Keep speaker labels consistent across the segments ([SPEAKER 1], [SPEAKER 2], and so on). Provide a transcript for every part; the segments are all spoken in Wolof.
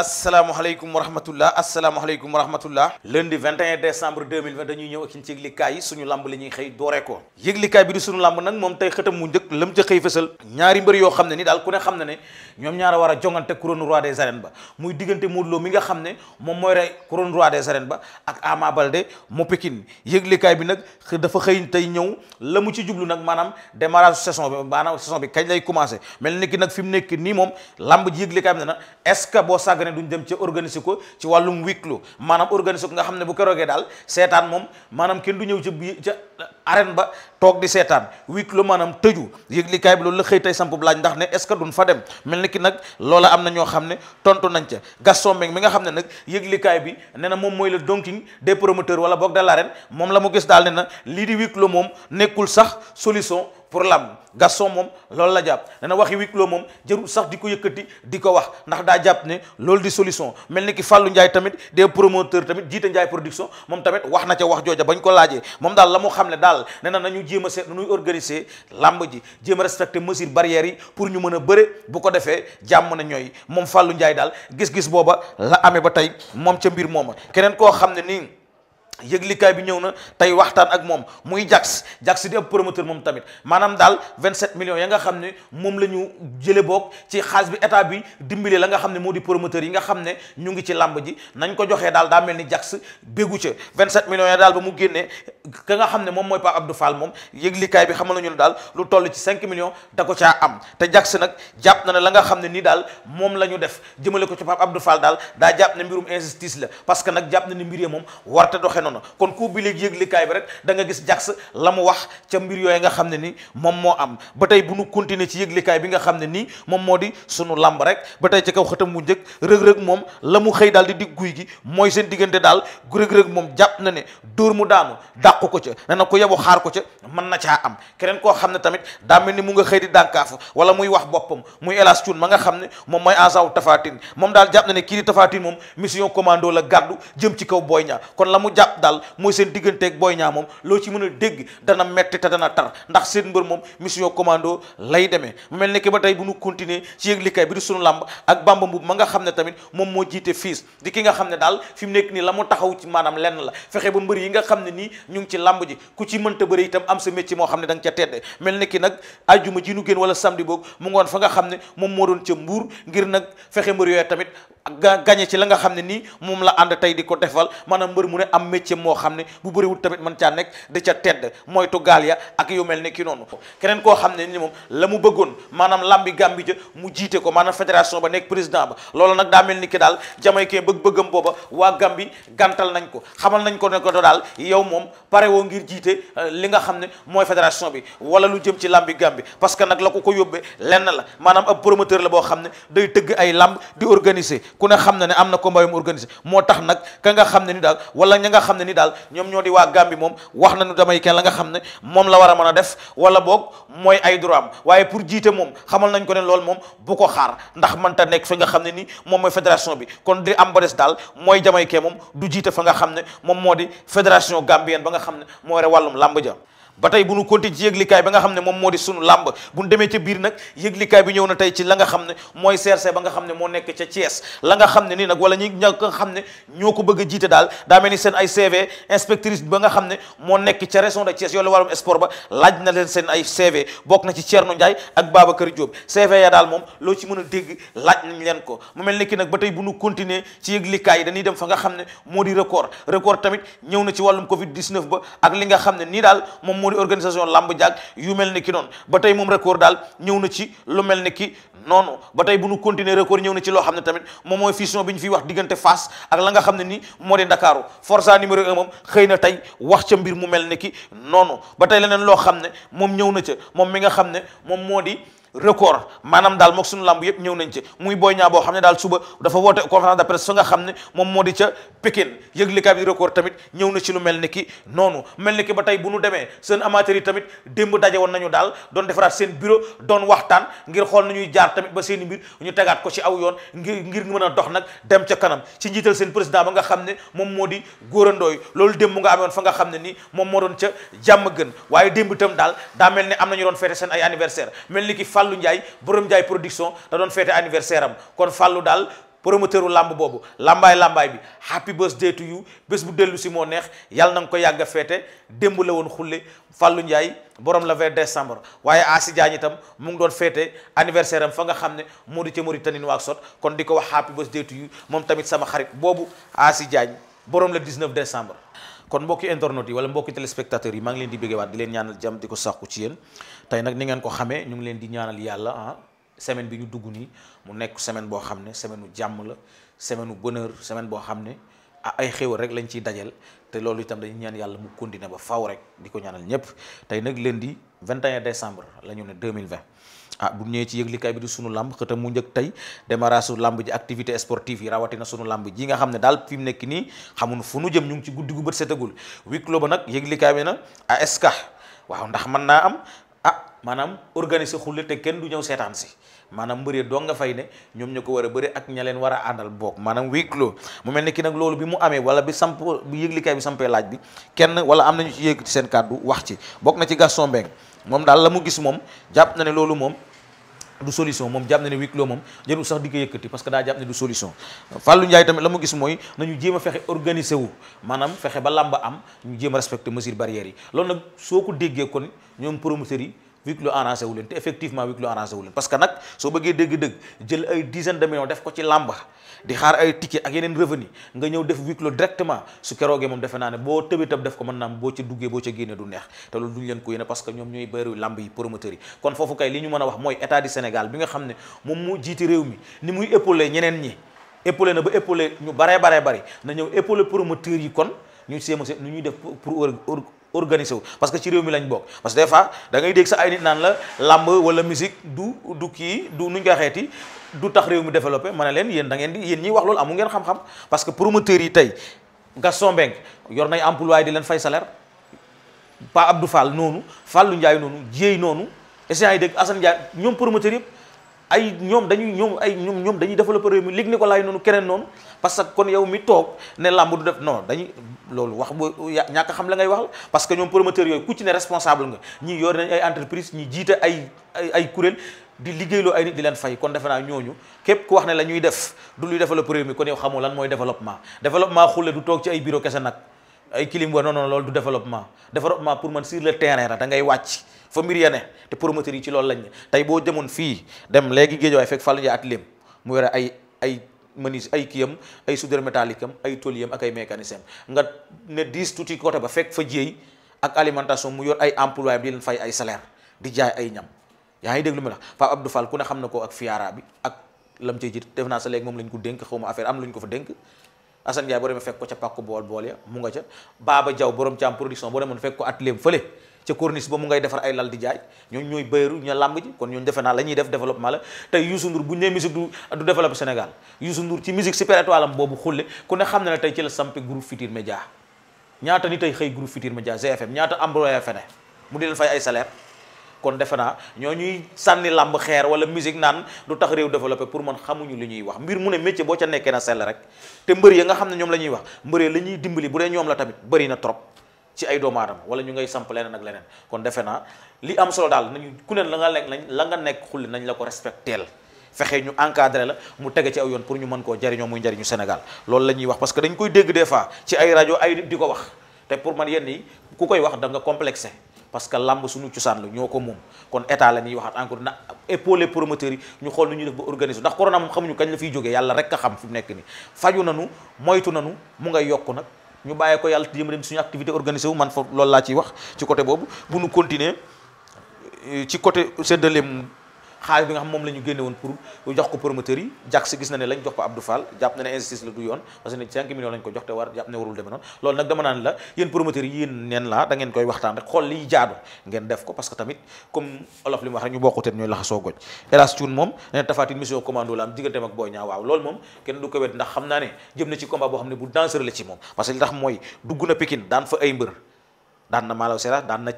[SPEAKER 1] asalaamaaleykum wa rahmatullah asalaamaaleykum wa rahmatullah lundi 21 décembre 2020 dañuy ñëw ak ci yëglikaay yi suñu lamb li xëy dooree ko yëglikaay bi di suñu lamb nag moom tey xëtam mu njëkk lam ca xëy fësal ñaari mbër yoo xam ne ni daal ku ne xam ne a jongante couronne moom mooy rey couronne roi des arènes ba bi nag dafa xëy tey ñëw la mu ci jublu nag maanaam démarrage saison bi maanaam saison bi kañ lay commencé mel ni ki nag fi mu nekk nii moom lamb ji yëglikaay bi ne na boo sàgg que ne duñ dem ca organiser ko ci wàllum huis clos maanaam organiser ko nga xam ne bu keroogee daal seetaan moom maanaam kenn du ñëw ca bi ca arène ba toog di seetaan huis clos maanaam tëju yëglikaay bi loolu la xëy tey samp laaj ndax ne est-ce que duñ fa dem mel ni ki nag loola am na ñoo xam ne tontu nañ ca Gaston Mbengue mi nga xam ne nag yëglikaay bi ne na moom mooy le donking des promoteurs wala boog de l'arène moom la mu gis daal ne lii di huis clos moom nekkul pour làmb Gaston moom loolu la jàpp nee na waxi huis clos moom jërul sax di ko yëkkati di ko wax ndax daa jàpp ne loolu di solution mel ni ki fàllu Ndiaye tamit des promoteurs tamit jiite Ndiaye production moom tamit wax na ca wax jooja bañ ko laajee moom daal la mu xam ne daal nee na nañu jéem a seet nuy organiser làmb ji jéema a respecter mesures barrières yi pour ñu mën a bëre bu ko defee jàmm na ñooy moom fàllu Ndiaye daal gis-gis booba la amee ba tey moom ca mbir mooma keneen koo xam yëglikaay bi ñëw na tey waxtaan ak moom muy Jax Jax di ab promoteur moom tamit maanaam daal 27 millions ya nga xam ne moom la ñu jële boog ci bi état bi dimbali la nga xam ne moo di promoteur yi nga xam ne ñu ngi ci làmb ji nañ ko joxee daal daa mel ni Jax béggu ca 27 millions ya daal mu génnee ka nga xam ne moom mooy Pape Abdou Fall moom yëglikaay bi xamal nañu ne daal lu toll ci cinq million da ko ca am te Jax nag jàpp na ne la nga xam ne nii daal moom la ñu def jëmale ko ci Pape Abdou Fall daal daa jàpp ne mbirum injustice la parce que nag jàpp na ni mbir ya moom warte doxe noonu kon ku bi léegi bi rek da nga gis jax la mu wax ca mbir yooyu nga xam ne ni moom moo am ba tey bu nu continuer ci yëglikaay bi nga xam ne nii moom moo di sunu làmb rek ba tey ci kaw xëtam mu njëkk rëg-rëg moom la mu xëy daal di dig guy gi mooy seen diggante daal rëg-rëg moom jàpp na ne dóor mu daanu dàqu ko ca ne na ko yebu xaar ko ca mën na caa am keneen koo xam ne tamit daa mel ni mu nga xëy di dànkaafu wala muy wax boppam muy elas cuun ma nga xam ne moom mooy agent wu Tapha Tine moom daal jàpp na kii di moom mission commando la gàddu jëm ci kaw Boy daal mooy seen digganteeg Boy Niang moom loo ci mën a dégg dana metti te dana tar ndax seen mbër moom mission commando lay demee mu mel nekk ba tey bu ñu continuer ci yëglikaay bi di sunu làmb ak Bamba Mbuub ma nga xam ne tamit moom moo jiite fiis di ki nga xam ne daal fi mu nekk nii la mu taxaw ci maanaam lenn la fexe ba mbër yi nga xam ne nii ñu ngi ci làmb ji ku ci mënta bëri itam am sa métier moo xam ne da nga ca tedde mel nekki nag ajjuma ji nu génn wala samedi boog mu ngoon fa nga xam ne moom moo doon ca mbuur ngir nag fexe mbër yooyu tamit gañe ci la nga xam ne nii moom la ànd tey di ko defal maanaam mbër mu am métier métier moo xam ne bu bëriwul tamit mën caa nekk da ca tedd moytu gaal ya ak yu mel ne ki noonu keneen koo xam ne ni moom la mu bëggoon maanaam lambi gambi ja mu jiite ko maanaam fédération ba nekk président ba loolu nag daa mel ni ki daal jamaïcain bëgg-bëggam booba waa gambi gantal nañ ko xamal nañ ko ne ko daal yow moom pare woo ngir jiite euh, li nga xam ne mooy fédération bi wala lu jëm ci lambi gambi parce que nag la ko ko yóbbee lenn la maanaam ab promoteur la boo xam ne day tëgg ay lamb di organiser ku ne xam na ne am na combat yu moo tax nag ka xam xam ne ni daal ñoom ñoo di waa Gambie moom wax nañu damay kenn la nga xam ne moom la war a man a def wala boog mooy ay droit waaye pour jiite moom xamal nañ ko ne loolu moom bu ko xaar ndax mënta nekk fi nga xam ne nii moom mooy fédération bi kon di am ba des daal mooy jamaykee moom du jiite fa nga xam ne moom moo di fédération gambien ba nga xam ne moo yore wàllum làmb ja ba tey bu nu continuer ci yëglikaay ba nga xam ne moom moo di sunu làmb bu nu demee ca biir nag yëglikaay bi ñëw na tey ci nga xam ne mooy CRC nga xam ne moo nekk ca Thiès la nga xam ne nii nag wala ñi ña nga xam ne ñoo ko bëgg jiite daal daa mel ni seen ay CV inspectrice ba nga xam ne moo nekk ca région de Thiès yoolu wàllum sport ba laaj na leen seen ay CV bokk na ci Thierno Ndiaye ak Babacar Diop CV ya daal moom loo ci mën a dégg laaj nañ leen ko mu mel ni ki nag ba tey bu nu continuer ci yëglikaay yi dañuy dem fa nga xam ne moo di record record tamit ñëw na ci wàllum covid 19 ba ak li nga xam ne nii daal moom moo di organisation lamb jaag yu mel ni ki noonu ba tey moom record daal ñëw na ci lu mel ni ki noonu ba tey bu ñu continuer record ñëw na ci loo xam ne tamit moom mooy fusion bi ñu fiy wax diggante fas ak la nga xam ne nii moo di Ndakaaru Forza numéro un moom xëy na tey wax ca mbir mu mel ni ki noonu ba tey leneen loo xam ne moom ñëw na ca moom mi nga xam ne moom moo di record maanaam daal mook suñu lamb yëpp ñëw nañ ci muy Boy Niang boo xam ne daal suba dafa woote conférence de presse fa nga xam ne moom moo di ca Pikine tamit ñëw na ci lu mel ni ki noonu mel ni ki ba tey bu nu demee seen amateurs tamit démb daje woon nañu daal doon defaraat seen bureau doon waxtaan ngir xool nañuy jaar tamit ba seen mbir ñu tegaat ko ci aw yoon ngir ngir mën a dox nag dem ca kanam ci njiital seen président ba nga xam ne moom moo di góorandooy loolu démb nga amoon fa nga xam ne ni moom moo doon ca jàmm gën waaye démb tam daal daa mel ne am nañu doon fêté seen ay anniversaire mel ni ki Fallou njaay borom Ndiaye production da doon fêté anniversaire am kon fallu daal promoteur u làmb boobu lambaay lambaay bi happy birthday to you bés bu dellu si moo neex yàlla na nga ko yàgg a feete démb la woon xule fallu Ndiaye borom la 20 décembre waaye Asi Diagne itam mu ngi doon feete anniversaire am fa nga xam ne moo di ca Mauritanie Nouakchott kon di ko wax happy birthday to you moom tamit sama xarit boobu Asi Diagne borom la 19 décembre. kon mbokki internautes yi yi maa leen di bëggewaat di leen ñaanal jàmm di ko sàkku ci yéen. tey nag ni ngeen ko xamee ñu ngi leen di ñaanal yàlla ah, semaine bi ñu dugg nii mu nekk semaine boo xam ne semaine u jàmm la semaine u semaine boo xam ne ah ay xéwal rek lañ ciy dajal te loolu itam dañu ñaan yàlla mu continuer ba faw rek di ko ñaanal ñëpp tey nag lundi 21 décembre la ñu ne 2020. ah bu ñëwee ci yëglikaay bi di suñu lamb xëtam mu njëkk tey démarrage su ji activité sportive yi rawatina suñu lamb ji nga xam ne daal fi mu nekk nii xamun fu nu jëm ñu ngi ci guddi gu bët setagul huis clos ba nag yëglikaay bi na ASK waaw ndax mën naa am maanaam organiser xulle te kenn du ñëw seetaan si maanaam mbëre doo nga fay ne ñoom ñu ko war a bëri ak ña àndal boog maanaam huis clos mu mel ni ki nag loolu bi mu amee wala bi samp bi yëglikaay laaj bi kenn wala am nañu ci seen kàddu wax ci bokk na ci Gaston Mbengue moom daal la mu gis moom jàpp na ne loolu moom du solution moom jàpp na ne huis clos moom jëru sax di ko que daa jàpp ne du solution Fallou Ndiaye tamit la mu nañu jéem a fexe organiser wu maanaam fexe ba làmb am ñu jéem a respecter mesures barrières yi loolu nag soo ko déggee kon ñoom promoteurs yi huis clos arrangé wu leen te effectivement huis clos arrangé wu leen parce que nag soo bëggee dégg-dëgg jël ay dizaine de def ko ci làmba di xaar ay ticket ak yeneen revenu nga ñëw def huis clos directement su keroogee moom defe naa ne boo tëbi tëb def ko mën naam boo ca duggee boo ca génnee du neex te loolu duñ leen ko yéene parce que ñoom ñooy bëri làmb yi promoteurs yi kon foofu kay li ñu mën a wax mooy état du Sénégal bi nga xam ne moom mu jiiti réew organisé wu parce que ci réew mi lañu bokk parce que des dangay da ngay dégg sa ay naan la làmb wala musique du du kii du nuñ koy xeeti du tax réew mi développé ma ne leen yéen da di yéen ñiy wax loolu amu ngeen xam-xam parce que promoteurs yi tey Gaston Mbengue yor nay employé di leen fay salaire Pa Abdou Fall noonu Fallou Ndiaye noonu Dieye noonu essayant yi dégg Assane Ndiaye ñoom promoteurs yëpp ay ñoom dañuy ñoom ay ñoom ñoom dañuy développer réew mi lig ni ko laay noonu keneen noonu parce que kon yow mi toog ne làmb du def non dañuy loolu wax bu ñàkk xam la ngay wax la parce que ñoom promoteurs yooyu ku ci ne responsable nga ñi yor nañ ay entreprise ñi jiite ay ay kuréel di liggéeyloo ay nit di leen fay kon defe naa ñooñu képp ku wax ne la ñuy def du luy développer réew mi kon yow xamoo lan mooy développement développement xulle du toog ci ay bureau kese nag ay kilim war non loolu du développement développement pour man sur le terrain la da ngay wàcc fa mbir ya ne te promoteurs yi ci loolu lañ tey boo demoon fii dem léegi géejawaay fekk Fallou Ndiaye atelier mu yore ay ay menuis ay kiyam ay soudeur métallique am ay tôlier am ak ay mécanicien nga ne diis tuuti côté ba fekk fa jéey ak alimentation mu yor ay employé di leen fay ay salaire di jaay ay ñam yaa ngi dégg ma la Pape Abdou Fall ku ne xam na ko ak fiara bi ak lam cey def naa sa léegi moom lañ ko dénk xaw ma affaire am lañ ko fa dénk Assane Ndiaye boo fekk ko ca pàkku bool bool ya mu nga ca Baba Diaw borom caam production boo demoon fekk ko atelier fële ca corniche ba mu ngay defar ay lal di jaay ñooñu ñooy bëyru ña làmb ji kon ñooñu defe naa la ñuy def développement la tey Youssou Ndour bu ñu nee du du Sénégal Youssou Ndour ci musique super étoile am boobu xulle ku ne xam na ne tey ci la sampi groupe Futur Média ñaata ni tey xëy groupe Futur Média GFM ñaata ambroya fene mu di leen fay ay salaire kon defe naa ñoo ñuy sànni làmb xeer wala musique naan du tax réew développé pour man xamuñu li ñuy wax mbir mu ne métier boo ca nekkee na sell rek te mbër ya nga xam ne ñoom la ñuy wax mbër ya la ñuy dimbali bu dee ñoom la tamit bëri na trop ci ay doomu aadama wala ñu ngay samp leneen ak leneen kon defe naa li am solo daal nañu ku leen la nga lekk lañ la nga nekk xulli nañ la ko respecteel fexe ñu encadré la mu tege ci aw yoon pour ñu mën koo jariñoo muy njariñu Sénégal loolu la wax parce que dañ koy dégg des fois ci ay rajo ay di ko wax te pour man yenn yi ku koy wax da nga complexé parce que lamb suñu cosaan la ñoo ko moom kon état la ñuy waxaat encore na épaulé promoteurs yi ñu xool nu ñuy def ba organiser ndax corona xamuñu kañ la fiy jógee yàlla rek a xam nekk ni faju nanu moytu nanu mu ngay yokk nag ñu bàyyee ko yàlla jéem a dem suñu activité organisé wu man foofu loolu laa ciy wax ci côté boobu bu nu continuer ci côté séddale xaalis bi nga xam moom la ñu pour jox ko promoteur yi jàk si gis na ne lañ jox ko Abdou Fall jàpp na ne injustice la du yoon parce que 5 millions lañ ko jox te war jàpp ne warul demee noonu loolu nag dama la yéen promoteurs yi yéen neen la da koy waxtaan rek xool liy jaadu ngeen def ko parce tamit comme olof li wax rek ñu bokkuteen ndax xam naa ne jëm na ci combat boo xam ne bu dangereux la ci moom parce li tax mooy dugg na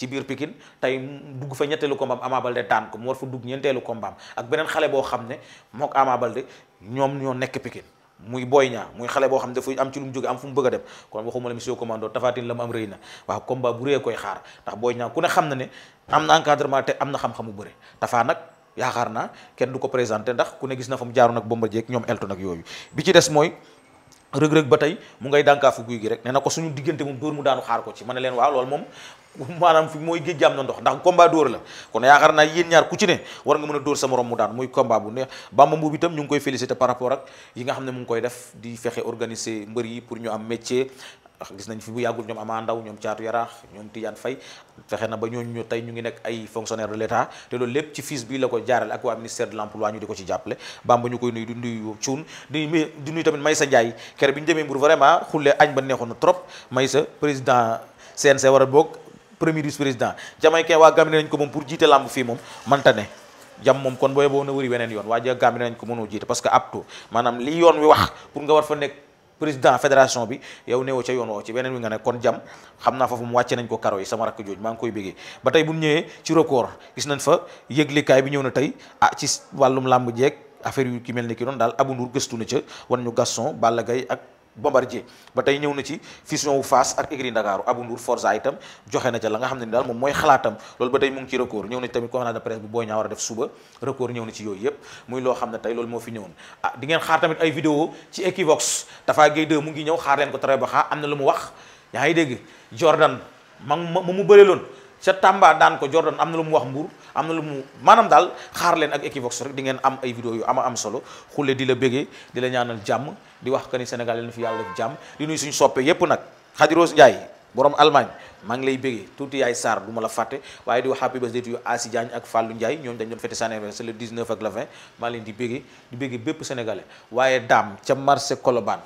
[SPEAKER 1] ci biir Pikine tey dugg fa ñetteelu kombaam Ama Baldé daan ko mu war fa dugg ñeenteelu kombaam ak beneen xale boo xam ne mook Ama Baldé ñoom ñoo nekk Pikine muy Boy ñaa muy xale boo xam ne dafa am ci lu mu jóge am fu mu bëgg a dem kon waxuma la monsieur commando Tapha na waaw combat bu rëy koy xaar ndax Boy Niang ku ne xam na ne am na encadrement te am na xam-xamu bëre Tapha nag yaakaar naa kenn du ko présenté ndax ku ne gis na fa mu jaaroon ak Bombardier ak ñoom Elton ak yooyu bi ci des mooy rëg-rëg ba tey mu ngay dànkaafu guy gi rek ne na ko suñu diggante moom dóor mu daanu xaar ko ci ma ne leen waaw loolu moom maanaam fi mooy géej jaam na ndox ndax combat dóor la kon yaakaar naa yéen ñaar ku ci ne war nga mën a dóor sa morom mu daan muy combat bu neex Bamba Mbuub itam ñu ngi koy féliciter par rapport yi nga xam ne mu ngi koy def di fexe organiser mbër yi pour ñu am métier ndax gis nañ fi bu yàggul ñoom Ama Ndaw ñoom Caatu Yaraax ñoom Tidiane Faye fexe na ba ñooñu tey ñu ngi nekk ay fonctionnaire de l'État te loolu lépp ci fiis bi la ko jaarale ak waa ministère de l'emploi ñu di ko ci jàppale Bamba ñu koy nuyu du nuyu cuun di di nuyu tamit bi ñu demee Mbour vraiment añ ba neexoon na trop Maysa président CNC war a bokk premier vice président jamaïcain waa Gambie nañ ko moom pour jiite làmb fii moom manta président fédération bi yow néew ca yoon woo ci beneen wi nga ne kon jam xam naa foofu mu wàcce nañ ko karo yi sama rakk jooj maa ngi koy bégee ba tey bu ñu ñëwee ci record gis nañ fa yëglikaay bi ñëw na tey ah ci wàllum làmb jeeg affaire yu ki mel ni ki doon daal Abou Ndour gëstu na ca wan ñu Gaston Balla gay ak Bombardier ba tey ñëw na ci fusion wu Fass ak écurie Ndakaaru Abou Ndour Forza itam joxe na ca la nga xam ne ni daal moom mooy xalaatam loolu ba tey mu ngi ci record ñëw na ci tamit conférence de presse bu Boy Niang war a def suba record ñëw na ci yooyu yëpp muy loo xam ne tey loolu moo fi ñëwoon ah di ngeen xaar tamit ay vidéo ci Equivox Tafa Gueye 2 mu ngi ñëw xaar leen ko très ba am na lu mu wax yaa ngi dégg Jordan ma ma mu bëre loon ca Tamba daan ko Jordan am na lu mu wax Mbour am na lu mu maanaam daal xaar leen ak Equivox rek di ngeen am ay vidéo yu ama am solo xulle di la bëggee di la ñaanal jàmm di wax que ni Sénégal fi yàlla def jàmm di nuy suñu soppe yépp nag Khadiroos Ndiaye borom Allemagne maa ngi lay bëggee tuuti yaay Sarr du ma la fàtte waaye di wax happy birthday to you Asi Diagne ak Fallou Ndiaye ñoom dañ doon fête seen anniversaire le 19 ak le di bëggee di bëggee bépp sénégalais waaye daam ca marché Colobane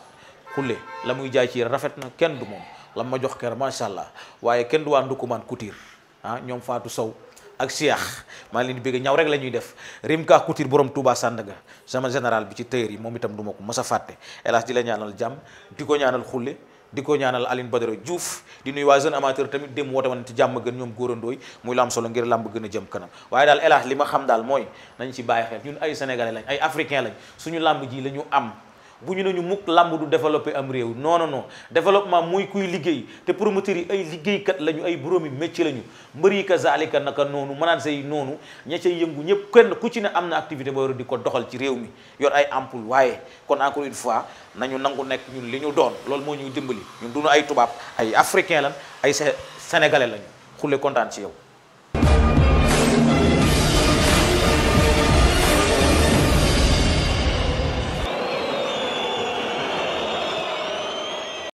[SPEAKER 1] xulle la muy jaay ci rafet na kenn du moom la ma jox kër macha allah waaye kenn du waa Ndoukoumane Couture ah ñoom faatu Sow ak Cheikh maa ngi leen ñaw rek la ñuy def Rimka Couture borom Touba Sandaga sama général bi ci tëyër yi moom itam du ma ko mës a fàtte hélas di la ñaanal jàmm di ko ñaanal xulle di ko ñaanal alin Badara Diouf di nuyu waa jeune amateur tamit dem woote woon ci jàmm gën ñoom góorandooy muy lam solo ngir làmb gën a jëm kanam waaye daal hélas li ma xam daal mooy nañ ci bàyyi xel ñun ay sénégalais lañ ay africain lañ suñu làmb ji la ñu am bu ñu nañu mukk làmb du développé am réew non non non développement muy kuy liggéey te promoteurs yi ay liggéeykat lañu ay boroomi métier lañu mbër yi kazaalika naka noonu mënaan say noonu ña cay yëngu ñëpp kenn ku ci ne am na activité boo yor di ko doxal ci réew mi yor ay ampoule waaye kon encore une fois nañu nangu nekk ñun li ñu doon loolu moo ñuy dimbali ñun duñu ay tubaab ay africain lan ay sénégalais lañu xulle kontaan ci yow.